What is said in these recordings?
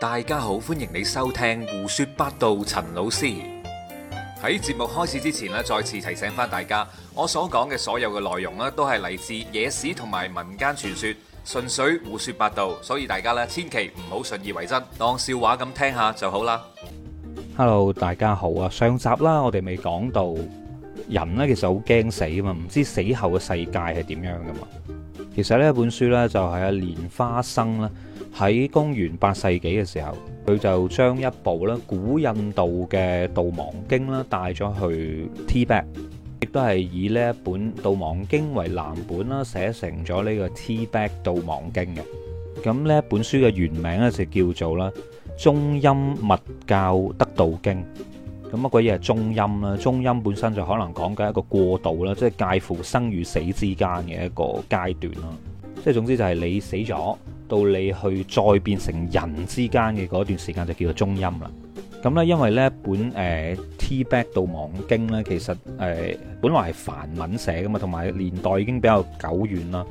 大家好，歡迎你收聽胡說八道。陳老師喺節目開始之前咧，再次提醒翻大家，我所講嘅所有嘅內容咧，都係嚟自野史同埋民間傳說，純粹胡說八道，所以大家咧千祈唔好信以為真，當笑話咁聽下就好啦。Hello，大家好啊！上集啦，我哋未講到人呢，其實好驚死啊嘛，唔知死後嘅世界係點樣噶嘛。其實呢本書呢，就係啊蓮花生啦。喺公元八世紀嘅時候，佢就將一部咧古印度嘅《度亡經》啦帶咗去 Tibet，亦都係以呢一本《度亡經》為藍本啦，寫成咗呢、這個 Tibet《度亡經》嘅。咁呢本書嘅原名咧就叫做啦《中陰聞教得度經》。咁乜鬼嘢係中陰咧？中陰本身就可能講緊一個過渡啦，即、就、係、是、介乎生與死之間嘅一個階段啦。即係總之就係你死咗，到你去再變成人之間嘅嗰段時間就叫做中音啦。咁、嗯、咧，因為咧本誒、呃《T Back 道亡經》咧，其實誒、呃、本來係梵文寫噶嘛，同埋年代已經比較久遠啦。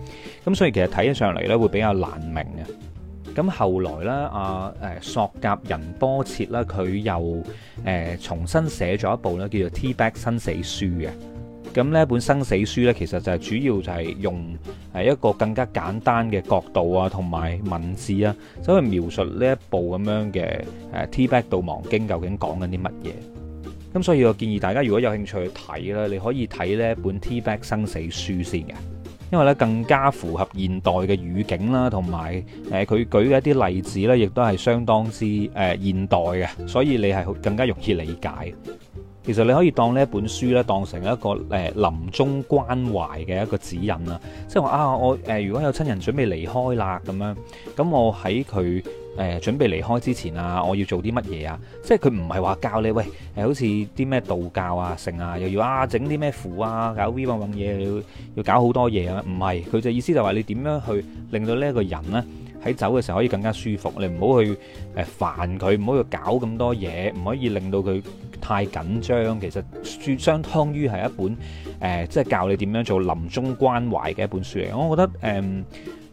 咁、嗯、所以其實睇起上嚟咧，會比較難明嘅。咁、嗯、後來咧，阿、啊、誒索甲仁波切啦，佢又誒、呃、重新寫咗一部咧，叫做 T《T Back 生死書》嘅。咁呢本生死書呢，其實就係主要就係用係一個更加簡單嘅角度啊，同埋文字啊，走去描述呢一部咁樣嘅誒《啊、Tibet 度亡經》究竟講緊啲乜嘢？咁所以，我建議大家如果有興趣去睇呢，你可以睇呢本《Tibet 生死書》先嘅，因為呢更加符合現代嘅語境啦、啊，同埋誒佢舉嘅一啲例子呢，亦都係相當之誒、呃、現代嘅，所以你係更加容易理解。其實你可以當呢一本書咧，當成一個誒臨終關懷嘅一個指引啊！即係話啊，我誒如果有親人準備離開啦咁樣，咁我喺佢誒準備離開之前啊，我要做啲乜嘢啊？即係佢唔係話教你喂誒，好似啲咩道教啊、聖啊，又要啊整啲咩符啊，搞 v 揾嘢，要要搞好多嘢啊！唔係，佢就意思就係話你點樣去令到呢一個人呢喺走嘅時候可以更加舒服，你唔好去誒煩佢，唔好去搞咁多嘢，唔可以令到佢。太緊張，其實相當於係一本誒、呃，即係教你點樣做臨終關懷嘅一本書嚟。我覺得誒誒、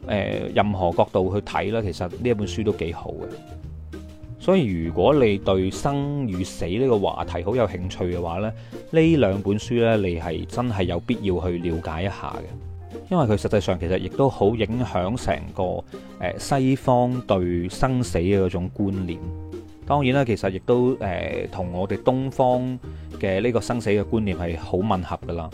呃呃，任何角度去睇咧，其實呢一本書都幾好嘅。所以如果你對生與死呢個話題好有興趣嘅話咧，呢兩本書咧，你係真係有必要去了解一下嘅，因為佢實際上其實亦都好影響成個誒、呃、西方對生死嘅嗰種觀念。當然啦，其實亦都誒、呃、同我哋東方嘅呢個生死嘅觀念係好吻合噶啦。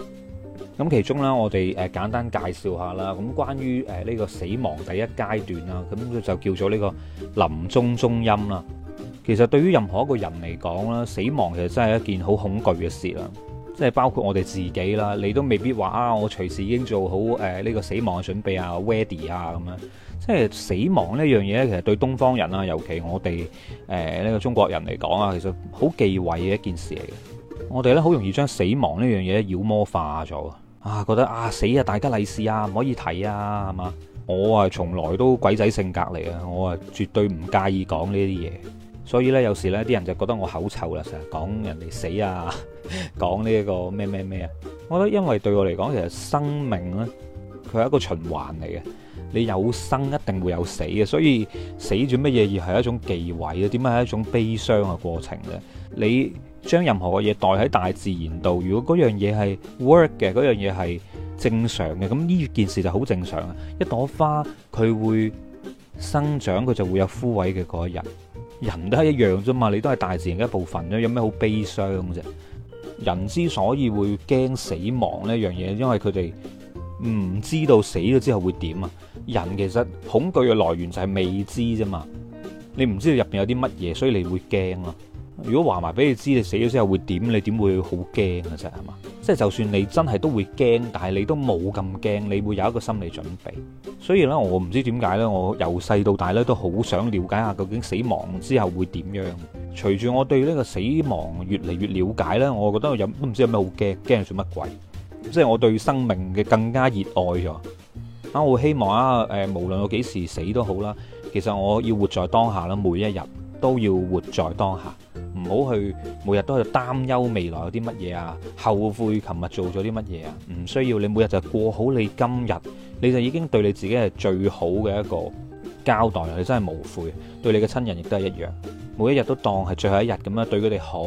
咁其中咧，我哋誒簡單介紹下啦。咁關於誒呢個死亡第一階段啦，咁就叫做呢個臨終中陰啦。其實對於任何一個人嚟講啦，死亡其實真係一件好恐懼嘅事啦。即係包括我哋自己啦，你都未必話啊，我隨時已經做好誒呢、呃這個死亡嘅準備啊，ready 啊咁樣。即係死亡呢樣嘢咧，其實對東方人啊，尤其我哋誒呢個中國人嚟講啊，其實好忌諱嘅一件事嚟嘅。我哋咧好容易將死亡呢樣嘢妖魔化咗啊，覺得啊死啊，大吉利是啊，唔可以提啊，係嘛？我啊從來都鬼仔性格嚟嘅，我啊絕對唔介意講呢啲嘢。所以咧有時咧啲人就覺得我口臭啦，成日講人哋死啊，講呢一個咩咩咩啊。我覺得因為對我嚟講，其實生命咧佢係一個循環嚟嘅。你有生一定會有死嘅，所以死做乜嘢而係一種忌諱咧？點解係一種悲傷嘅過程咧？你將任何嘅嘢代喺大自然度，如果嗰樣嘢係 work 嘅，嗰樣嘢係正常嘅，咁呢件事就好正常啊！一朵花佢會生長，佢就會有枯萎嘅嗰一日，人都係一樣啫嘛，你都係大自然嘅一部分，有咩好悲傷嘅啫？人之所以會驚死亡呢樣嘢，因為佢哋。唔知道死咗之後會點啊！人其實恐懼嘅來源就係未知啫嘛。你唔知道入邊有啲乜嘢，所以你會驚啊。如果話埋俾你知你死咗之後會點，你點會好驚啊啫？係嘛？即係就算你真係都會驚，但係你都冇咁驚，你會有一個心理準備。所以咧，我唔知點解咧，我由細到大咧都好想了解下究竟死亡之後會點樣。隨住我對呢個死亡越嚟越了解咧，我覺得有都唔知有咩好驚，驚算乜鬼？即係我對生命嘅更加熱愛咗，啊我希望啊誒，無論我幾時死都好啦，其實我要活在當下啦，每一日都要活在當下，唔好去每日都喺度擔憂未來有啲乜嘢啊、後悔琴日做咗啲乜嘢啊。唔需要，你每日就過好你今日，你就已經對你自己係最好嘅一個交代，你真係無悔，對你嘅親人亦都係一樣。每一日都當係最後一日咁樣，對佢哋好，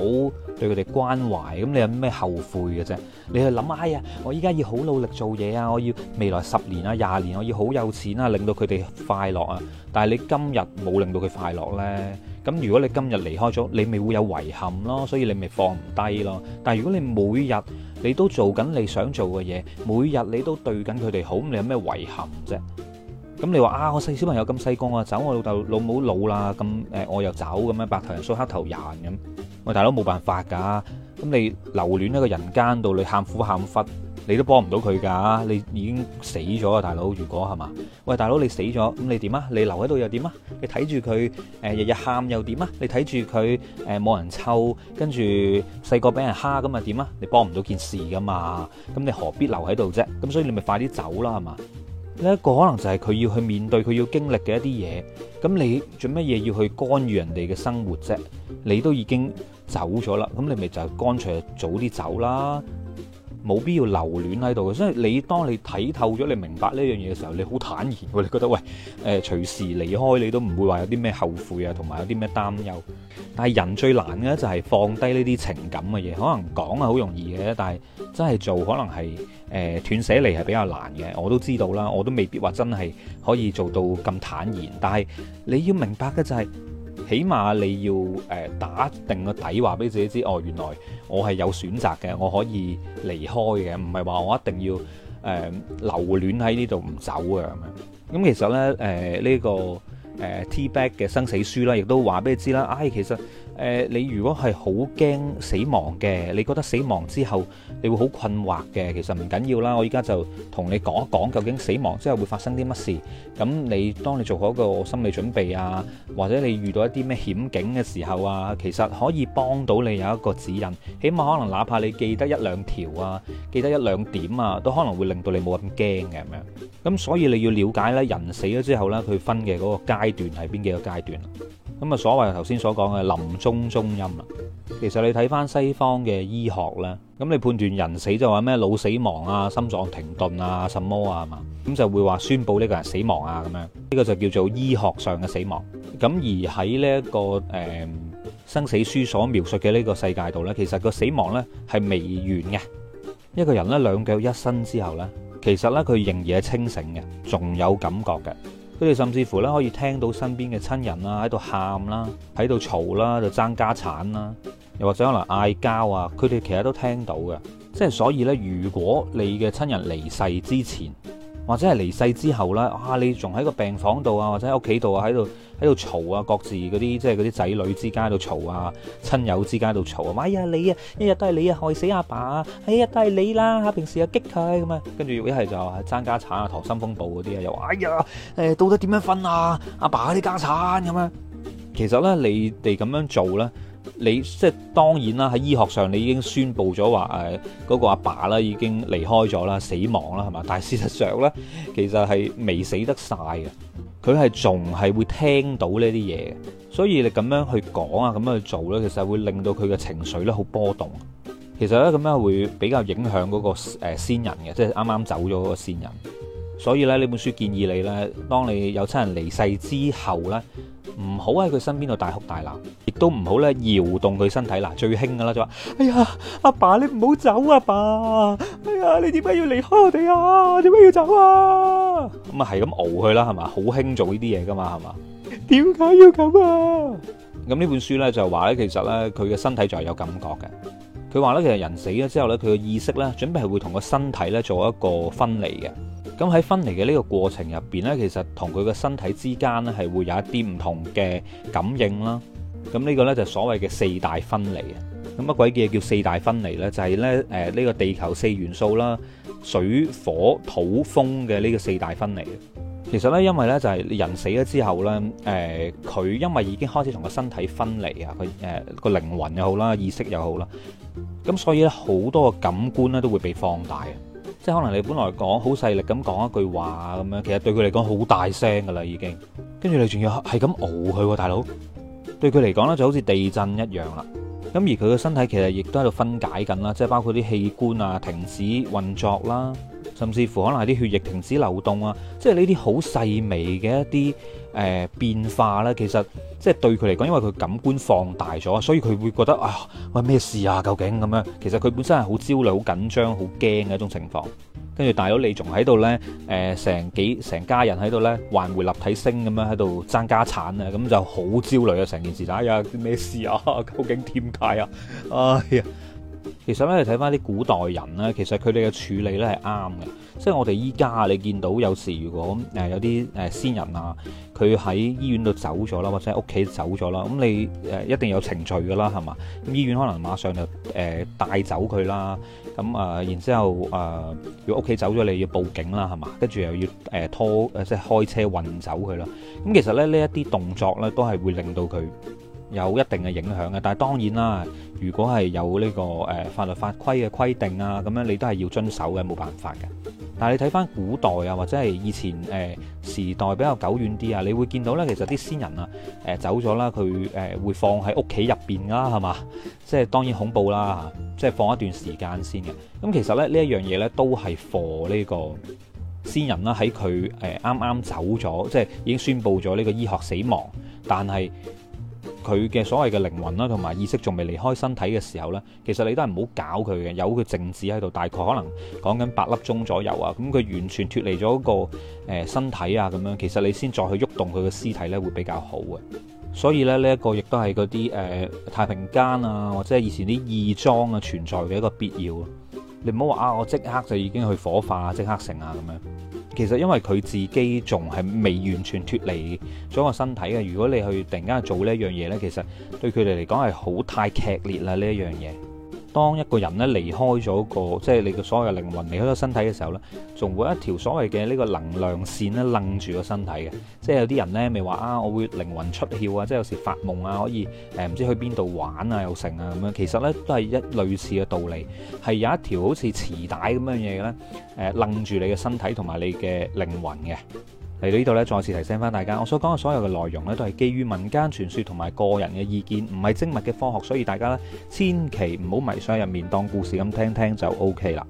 對佢哋關懷，咁你有咩後悔嘅啫？你去諗下，哎呀，我依家要好努力做嘢啊，我要未來十年啊、廿年，我要好有錢啊，令到佢哋快樂啊。但係你今日冇令到佢快樂呢，咁如果你今日離開咗，你咪會有遺憾咯，所以你咪放唔低咯。但係如果你每日你都做緊你想做嘅嘢，每日你都對緊佢哋好，咁你有咩遺憾啫？咁、嗯、你話啊，我細小朋友咁細個啊，走我老豆老母老啦，咁、嗯、誒我又走咁樣白頭人送黑頭人咁。喂，大佬冇辦法㗎。咁、嗯、你留戀喺一個人間度，你喊苦喊忽，你都幫唔到佢㗎。你已經死咗啊，大佬，如果係嘛？喂，大佬你死咗，咁你點啊？你留喺度又點啊？你睇住佢誒日日喊又點啊？你睇住佢誒冇人湊，跟住細個俾人蝦咁啊點啊？你幫唔到件事㗎嘛。咁你何必留喺度啫？咁所以你咪快啲走啦，係嘛？呢一個可能就係佢要去面對佢要經歷嘅一啲嘢，咁你做乜嘢要去干預人哋嘅生活啫？你都已經走咗啦，咁你咪就乾脆早啲走啦。冇必要留戀喺度嘅，所以你當你睇透咗，你明白呢樣嘢嘅時候，你好坦然。你覺得喂，誒、呃、隨時離開你都唔會話有啲咩後悔啊，同埋有啲咩擔憂。但係人最難嘅就係放低呢啲情感嘅嘢，可能講係好容易嘅，但係真係做可能係誒、呃、斷捨離係比較難嘅。我都知道啦，我都未必話真係可以做到咁坦然。但係你要明白嘅就係。起碼你要誒打定個底，話俾自己知哦，原來我係有選擇嘅，我可以離開嘅，唔係話我一定要誒、呃、留戀喺呢度唔走嘅咁樣。咁、嗯、其實咧誒呢、呃這個誒 T back 嘅生死書啦，亦都話俾你知啦，唉、哎、其實。誒，你如果係好驚死亡嘅，你覺得死亡之後你會好困惑嘅，其實唔緊要啦。我依家就同你講一講究竟死亡之後會發生啲乜事。咁你當你做好一個心理準備啊，或者你遇到一啲咩險境嘅時候啊，其實可以幫到你有一個指引。起碼可能哪怕你記得一兩條啊，記得一兩點啊，都可能會令到你冇咁驚嘅。咁所以你要了解咧，人死咗之後咧，佢分嘅嗰個階段係邊幾個階段。咁啊，所謂頭先所講嘅臨終中陰啦，其實你睇返西方嘅醫學咧，咁你判斷人死就話咩腦死亡啊、心臟停頓啊、什麼啊嘛，咁就會話宣佈呢個人死亡啊咁樣，呢、這個就叫做醫學上嘅死亡。咁而喺呢一個誒、呃、生死書所描述嘅呢個世界度呢，其實個死亡呢係未完嘅。一個人咧兩腳一伸之後呢，其實呢，佢仍然係清醒嘅，仲有感覺嘅。佢哋甚至乎咧，可以聽到身邊嘅親人啊，喺度喊啦，喺度嘈啦，就爭家產啦，又或者可能嗌交啊，佢哋其實都聽到嘅。即係所以呢，如果你嘅親人離世之前，或者係離世之後啦，哇、啊！你仲喺個病房度啊，或者喺屋企度啊，喺度喺度嘈啊，各自嗰啲即係嗰啲仔女之間喺度嘈啊，親友之間喺度嘈啊，哎呀你啊，一日都係你啊，害死阿爸啊，哎呀都係你啦、啊，平時又激佢咁啊，跟住一係就爭家產、哎、啊，溏心風暴嗰啲啊，又哎呀誒，到底點樣分啊？阿爸嗰啲家產咁啊？其實咧，你哋咁樣做咧。你即係當然啦，喺醫學上你已經宣佈咗話誒，嗰個阿爸啦，已經離開咗啦，死亡啦，係嘛？但係事實上呢，其實係未死得晒嘅，佢係仲係會聽到呢啲嘢，所以你咁樣去講啊，咁樣去做呢，其實會令到佢嘅情緒呢好波動。其實呢，咁樣會比較影響嗰個先人嘅，即係啱啱走咗嗰個先人。所以咧呢本書建議你呢，當你有親人離世之後呢，唔好喺佢身邊度大哭大鬧，亦都唔好咧搖動佢身體嗱，最興噶啦就話、哎，哎呀，阿爸你唔好走啊爸，哎呀你點解要離開我哋啊？點解要走啊？咁啊係咁熬佢啦係嘛，好興做呢啲嘢噶嘛係嘛？點解要咁啊？咁呢本書咧就話咧，其實咧佢嘅身體就係有感覺嘅。佢話咧其實人死咗之後咧，佢嘅意識咧準備係會同個身體咧做一個分離嘅。咁喺分離嘅呢個過程入邊呢，其實同佢嘅身體之間咧係會有一啲唔同嘅感應啦。咁呢個呢，就所謂嘅四大分離啊。咁乜鬼嘢叫四大分離呢？就係咧誒呢個地球四元素啦，水火土風嘅呢個四大分離。其實呢，因為呢，就係人死咗之後呢，誒、呃、佢因為已經開始同個身體分離啊，佢誒個靈魂又好啦，意識又好啦，咁所以咧好多個感官呢都會被放大啊。即係可能你本來講好細力咁講一句話咁樣，其實對佢嚟講好大聲㗎啦，已經。跟住你仲要係咁鬧佢喎，大佬。對佢嚟講咧就好似地震一樣啦。咁而佢嘅身體其實亦都喺度分解緊啦，即係包括啲器官啊停止運作啦，甚至乎可能係啲血液停止流動啊，即係呢啲好細微嘅一啲。誒、呃、變化呢，其實即係對佢嚟講，因為佢感官放大咗，所以佢會覺得啊，喂咩事啊，究竟咁樣？其實佢本身係好焦慮、好緊張、好驚嘅一種情況。跟住大佬你仲喺度呢？誒、呃、成幾成家人喺度呢，還回立體聲咁樣喺度爭家產呀，咁就好焦慮啊！成件事，哎呀咩事啊？究竟點解啊？哎呀！其實咧，睇返啲古代人咧，其實佢哋嘅處理咧係啱嘅，即係我哋依家你見到有時如果誒、呃、有啲誒先人啊，佢喺醫院度走咗啦，或者屋企走咗啦，咁、嗯、你誒、呃、一定有程序㗎啦，係嘛？咁醫院可能馬上就誒、呃、帶走佢啦，咁啊、呃，然之後啊、呃，如果屋企走咗，你要報警啦，係嘛？跟住又要誒、呃、拖誒即係開車運走佢啦。咁、嗯、其實咧呢一啲動作咧都係會令到佢有一定嘅影響嘅，但係當然啦。如果係有呢、這個誒、呃、法律法規嘅規定啊，咁樣你都係要遵守嘅，冇辦法嘅。但係你睇翻古代啊，或者係以前誒、呃、時代比較久遠啲啊，你會見到呢，其實啲先人啊誒、呃、走咗啦，佢誒、呃、會放喺屋企入邊啦，係嘛？即係當然恐怖啦，即係放一段時間先嘅。咁其實咧呢一樣嘢呢，都係 for 呢個先人啦，喺佢誒啱啱走咗，即係已經宣佈咗呢個醫學死亡，但係。佢嘅所謂嘅靈魂啦，同埋意識仲未離開身體嘅時候呢，其實你都係唔好搞佢嘅，有佢靜止喺度，大概可能講緊八粒鐘左右啊，咁佢完全脱離咗個誒身體啊，咁樣其實你先再去喐動佢嘅屍體呢，會比較好嘅。所以咧，呢一個亦都係嗰啲誒太平間啊，或者係以前啲義莊啊存在嘅一個必要。你唔好話啊，我即刻就已經去火化，即刻成啊咁樣。其實因為佢自己仲係未完全脱離咗個身體嘅，如果你去突然間做呢一樣嘢呢，其實對佢哋嚟講係好太劇烈啦呢一樣嘢。當一個人咧離開咗個，即係你嘅所謂嘅靈魂離開咗身體嘅時候呢，仲會有一條所謂嘅呢個能量線咧楞住個身體嘅，即係有啲人呢咪話啊，我會靈魂出竅啊，即係有時發夢啊，可以誒唔、呃、知去邊度玩啊又成啊咁樣，其實呢都係一類似嘅道理，係有一條好似磁帶咁樣嘢嘅誒楞住你嘅身體同埋你嘅靈魂嘅。嚟到呢度咧，再次提醒翻大家，我所講嘅所有嘅內容咧，都係基於民間傳說同埋個人嘅意見，唔係精密嘅科學，所以大家咧千祈唔好迷上入面，當故事咁聽聽就 OK 啦。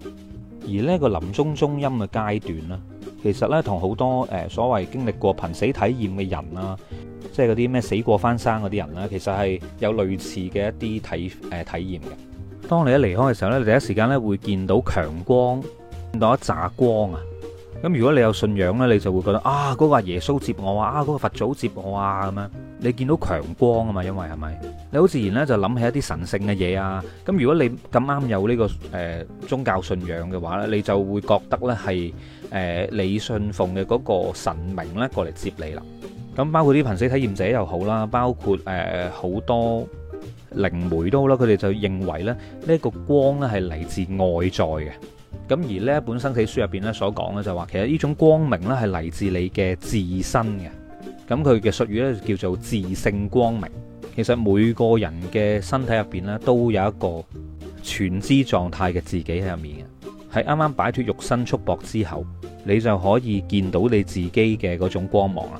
而呢一個臨終中陰嘅階段咧，其實呢同好多誒所謂經歷過瀕死體驗嘅人啦，即係嗰啲咩死過翻生嗰啲人啦，其實係有類似嘅一啲體誒體驗嘅。當你一離開嘅時候咧，你第一時間咧會見到強光，見到一紮光啊！咁如果你有信仰呢，你就會覺得啊，嗰個耶穌接我啊，嗰個佛祖接我啊咁樣。你見到強光啊嘛，因為係咪？你好自然呢，就諗起一啲神性嘅嘢啊。咁如果你咁啱有呢個誒宗教信仰嘅話呢，你就會覺得呢，係誒你信奉嘅嗰個神明呢，過嚟接你啦。咁包括啲瀕死體驗者又好啦，包括誒好多靈媒都好啦，佢哋就認為咧呢個光呢係嚟自外在嘅。咁而呢一本生死書入邊咧所講咧就話，其實呢種光明咧係嚟自你嘅自身嘅。咁佢嘅術語咧叫做自性光明。其實每個人嘅身體入邊咧都有一個全知狀態嘅自己喺入面嘅。喺啱啱擺脫肉身束縛之後，你就可以見到你自己嘅嗰種光芒啦。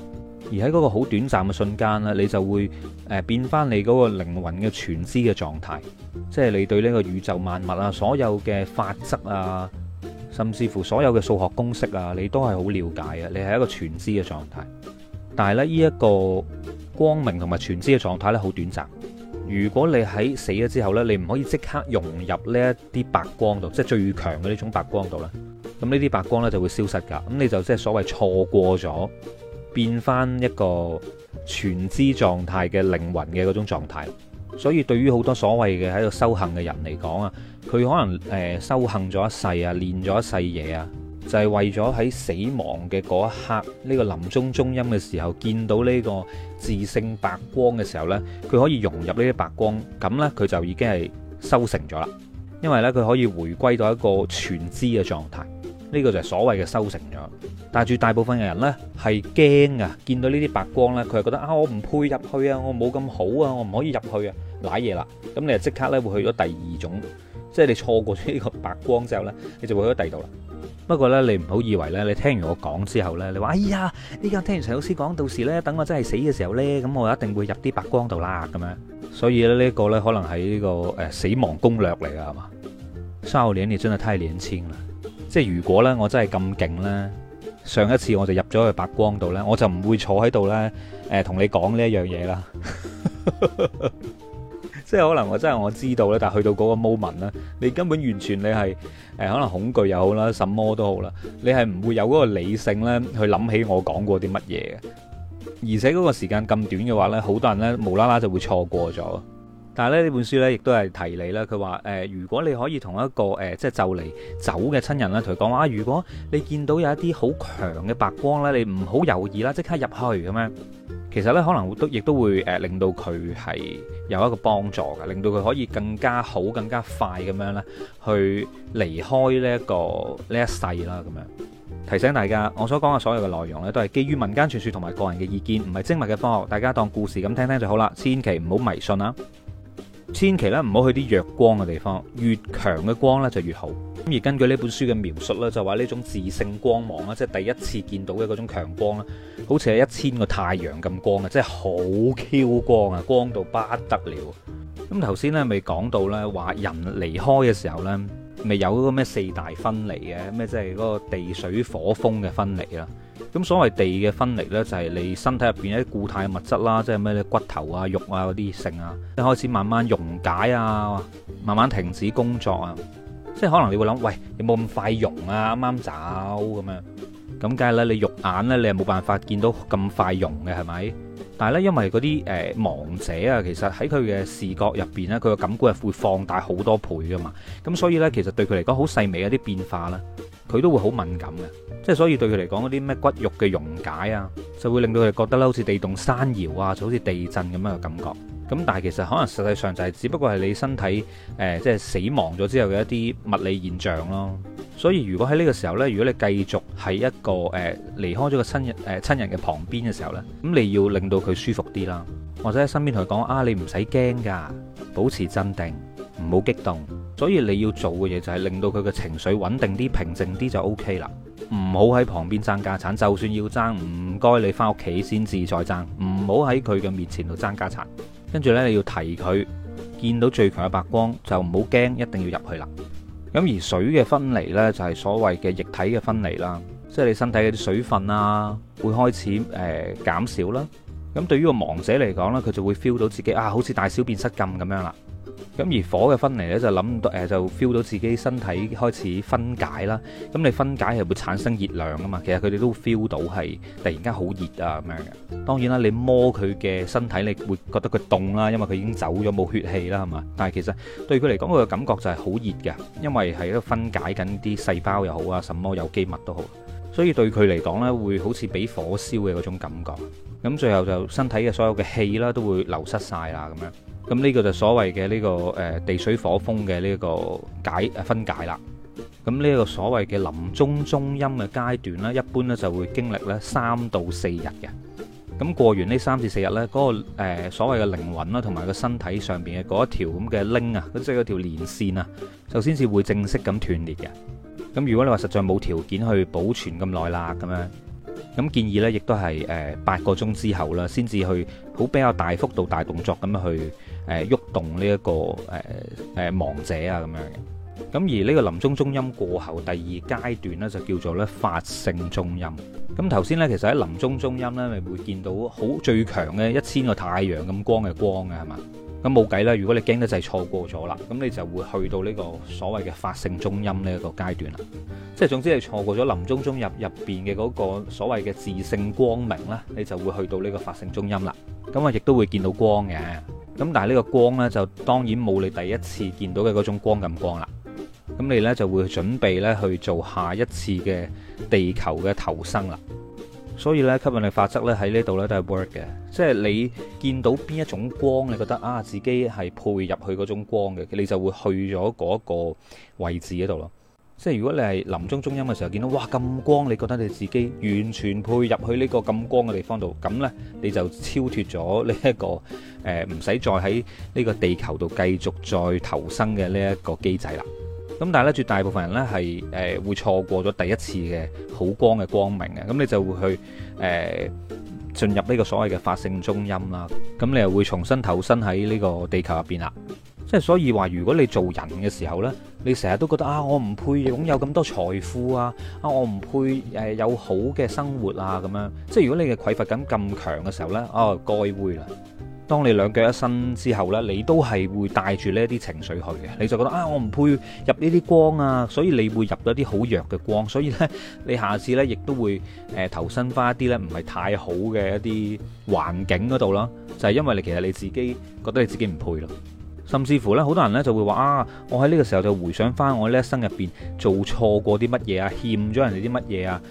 而喺嗰個好短暫嘅瞬間咧，你就會誒變翻你嗰個靈魂嘅全知嘅狀態，即係你對呢個宇宙萬物啊，所有嘅法則啊，甚至乎所有嘅數學公式啊，你都係好了解嘅，你係一個全知嘅狀態。但係咧，呢一個光明同埋全知嘅狀態咧，好短暫。如果你喺死咗之後呢，你唔可以即刻融入呢一啲白光度，即係最強嘅呢種白光度咧，咁呢啲白光呢，就會消失噶。咁你就即係所謂錯過咗。變翻一個全知狀態嘅靈魂嘅嗰種狀態，所以對於好多所謂嘅喺度修行嘅人嚟講啊，佢可能誒、呃、修行咗一世啊，練咗一世嘢啊，就係、是、為咗喺死亡嘅嗰一刻，呢、這個臨終中陰嘅時候，見到呢個自性白光嘅時候呢，佢可以融入呢啲白光，咁呢，佢就已經係修成咗啦，因為呢，佢可以回歸到一個全知嘅狀態。呢個就係所謂嘅收成咗，但住大部分嘅人呢，係驚啊，見到呢啲白光呢，佢係覺得啊，我唔配入去啊，我冇咁好啊，我唔可以入去啊，瀨嘢啦，咁你就即刻呢會去咗第二種，即係你錯過咗呢個白光之後呢，你就會去咗第二度啦。不過呢，你唔好以為呢，你聽完我講之後呢，你話哎呀，呢家聽完陳老師講，到時呢，等我真係死嘅時候呢，咁我一定會入啲白光度啦咁樣。所以呢、呢個呢，可能係呢、呢個誒、呃、死亡攻略嚟噶係嘛？少年，你真係太年輕啦！即係如果咧，我真係咁勁呢，上一次我就入咗去白光度呢，我就唔會坐喺度呢，誒同你講呢一樣嘢啦。即係可能我真係我知道呢，但係去到嗰個 moment 呢，你根本完全你係誒可能恐懼又好啦，什麼都好啦，你係唔會有嗰個理性呢去諗起我講過啲乜嘢嘅。而且嗰個時間咁短嘅話呢，好多人呢無啦啦就會錯過咗。但係呢本書呢，亦都係提你啦。佢話誒，如果你可以同一個誒、呃，即係就嚟走嘅親人咧，同佢講話如果你見到有一啲好強嘅白光呢，你唔好猶豫啦，即刻入去咁樣、嗯。其實呢，可能都亦都會誒、呃，令到佢係有一個幫助嘅，令到佢可以更加好、更加快咁樣呢去離開呢、這、一個呢一世啦。咁、嗯、樣提醒大家，我所講嘅所有嘅內容呢，都係基於民間傳説同埋個人嘅意見，唔係精密嘅科學，大家當故事咁聽聽就好啦，千祈唔好迷信啊！千祈咧唔好去啲弱光嘅地方，越強嘅光咧就越好。咁而根據呢本書嘅描述呢就話呢種自性光芒咧，即係第一次見到嘅嗰種強光咧，好似係一千個太陽咁光嘅，即係好 Q 光啊，光到不得了。咁頭先咧未講到呢話人離開嘅時候呢。咪有嗰個咩四大分離嘅咩，即係嗰個地水火風嘅分離啦。咁所謂地嘅分離呢，就係你身體入邊一啲固態嘅物質啦，即係咩呢骨頭啊、肉啊嗰啲性啊，一開始慢慢溶解啊，慢慢停止工作啊。即係可能你會諗，喂，冇咁快溶啊，啱啱走咁樣，咁梗係啦，你肉眼呢，你係冇辦法見到咁快溶嘅，係咪？但係咧，因為嗰啲誒亡者啊，其實喺佢嘅視覺入邊呢，佢嘅感官係會放大好多倍噶嘛。咁所以呢，其實對佢嚟講，好細微一啲變化咧，佢都會好敏感嘅。即係所以對佢嚟講，嗰啲咩骨肉嘅溶解啊，就會令到佢哋覺得咧好似地動山搖啊，就好似地震咁樣嘅感覺。咁但係其實可能實際上就係只不過係你身體誒、呃、即係死亡咗之後嘅一啲物理現象咯。所以如果喺呢個時候呢，如果你繼續喺一個誒離開咗個親人誒親人嘅旁邊嘅時候呢，咁你要令到佢舒服啲啦，或者喺身邊同佢講啊，你唔使驚㗎，保持鎮定，唔好激動。所以你要做嘅嘢就係令到佢嘅情緒穩定啲、平靜啲就 O K 啦。唔好喺旁邊爭家產，就算要爭，唔該你翻屋企先至再爭。唔好喺佢嘅面前度爭家產。跟住呢，你要提佢，見到最強嘅白光就唔好驚，一定要入去啦。咁而水嘅分離呢，就係所謂嘅液體嘅分離啦，即係你身體嘅啲水分啊，會開始誒、呃、減少啦。咁對於個亡者嚟講呢，佢就會 feel 到自己啊，好似大小便失禁咁樣啦。咁而火嘅分離咧，就諗誒就 feel 到自己身體開始分解啦。咁你分解係會產生熱量㗎嘛？其實佢哋都 feel 到係突然間好熱啊咁樣嘅。當然啦，你摸佢嘅身體，你會覺得佢凍啦，因為佢已經走咗冇血氣啦，係嘛？但係其實對佢嚟講佢嘅感覺就係好熱嘅，因為係喺度分解緊啲細胞又好啊，什麼有機物都好。所以對佢嚟講咧，會好似俾火燒嘅嗰種感覺。咁最後就身體嘅所有嘅氣啦，都會流失曬啦咁樣。咁呢個就所謂嘅呢個誒地水火風嘅呢個解誒分解啦。咁呢一個所謂嘅臨終中陰嘅階段呢，一般呢就會經歷呢三到四日嘅。咁過完呢三至四日呢，嗰個誒所謂嘅靈魂啦，同埋個身體上邊嘅嗰一條咁嘅拎啊，即係嗰條連線啊，就先至會正式咁斷裂嘅。咁如果你話實在冇條件去保存咁耐啦，咁樣咁建議呢亦都係誒八個鐘之後啦，先至去好比較大幅度大動作咁樣去。誒喐動呢、這、一個誒誒、呃呃、亡者啊，咁樣嘅咁而呢個臨終中音過後，第二階段呢，就叫做呢法性中音。咁頭先呢，其實喺臨終中音呢，咪會見到好最強嘅一千個太陽咁光嘅光嘅係嘛，咁冇計啦，如果你驚得就係錯過咗啦，咁你就會去到呢個所謂嘅法性中音呢一個階段啦。即係總之，你錯過咗臨終中音入邊嘅嗰個所謂嘅自性光明呢，你就會去到呢個法性中音啦。咁啊，亦都會見到光嘅。咁但係呢個光呢，就當然冇你第一次見到嘅嗰種光咁光啦。咁你呢，就會準備呢去做下一次嘅地球嘅投生啦。所以呢，吸引力法則呢喺呢度呢，都係 work 嘅，即係你見到邊一種光，你覺得啊自己係配入去嗰種光嘅，你就會去咗嗰個位置嗰度咯。即係如果你係臨終中陰嘅時候見到哇咁光，你覺得你自己完全配入去呢個咁光嘅地方度，咁呢，你就超脫咗呢一個誒唔使再喺呢個地球度繼續再投生嘅呢一個機制啦。咁但係咧絕大部分人呢係誒、呃、會錯過咗第一次嘅好光嘅光明嘅，咁你就會去誒進、呃、入呢個所謂嘅法性中陰啦。咁你又會重新投身喺呢個地球入邊啦。即係所以話如果你做人嘅時候呢。你成日都覺得啊，我唔配擁有咁多財富啊，啊，我唔配誒、呃、有好嘅生活啊，咁樣，即係如果你嘅匱乏感咁強嘅時候咧，哦，該會啦。當你兩腳一伸之後呢，你都係會帶住呢啲情緒去嘅，你就覺得啊，我唔配入呢啲光啊，所以你會入到啲好弱嘅光，所以呢，你下次呢亦都會誒、呃、投身翻一啲呢唔係太好嘅一啲環境嗰度啦，就係、是、因為你其實你自己覺得你自己唔配咯。甚至乎咧，好多人咧就會話啊，我喺呢個時候就回想翻我呢一生入邊做錯過啲乜嘢啊，欠咗人哋啲乜嘢啊，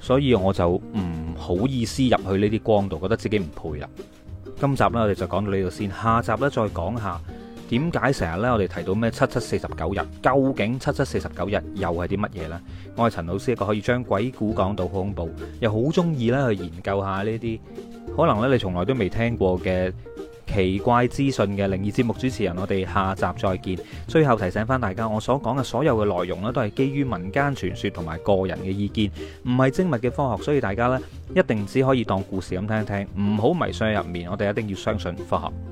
所以我就唔好意思入去呢啲光度，覺得自己唔配啦。今集呢，我哋就講到呢度先，下集呢，再講下點解成日呢，我哋提到咩七七四十九日，究竟七七四十九日又係啲乜嘢呢？我係陳老師，一個可以將鬼故講到好恐怖，又好中意呢去研究下呢啲，可能呢，你從來都未聽過嘅。奇怪資訊嘅靈異節目主持人，我哋下集再見。最後提醒返大家，我所講嘅所有嘅內容呢，都係基於民間傳說同埋個人嘅意見，唔係精密嘅科學，所以大家呢一定只可以當故事咁聽一聽，唔好迷信入面。我哋一定要相信科學。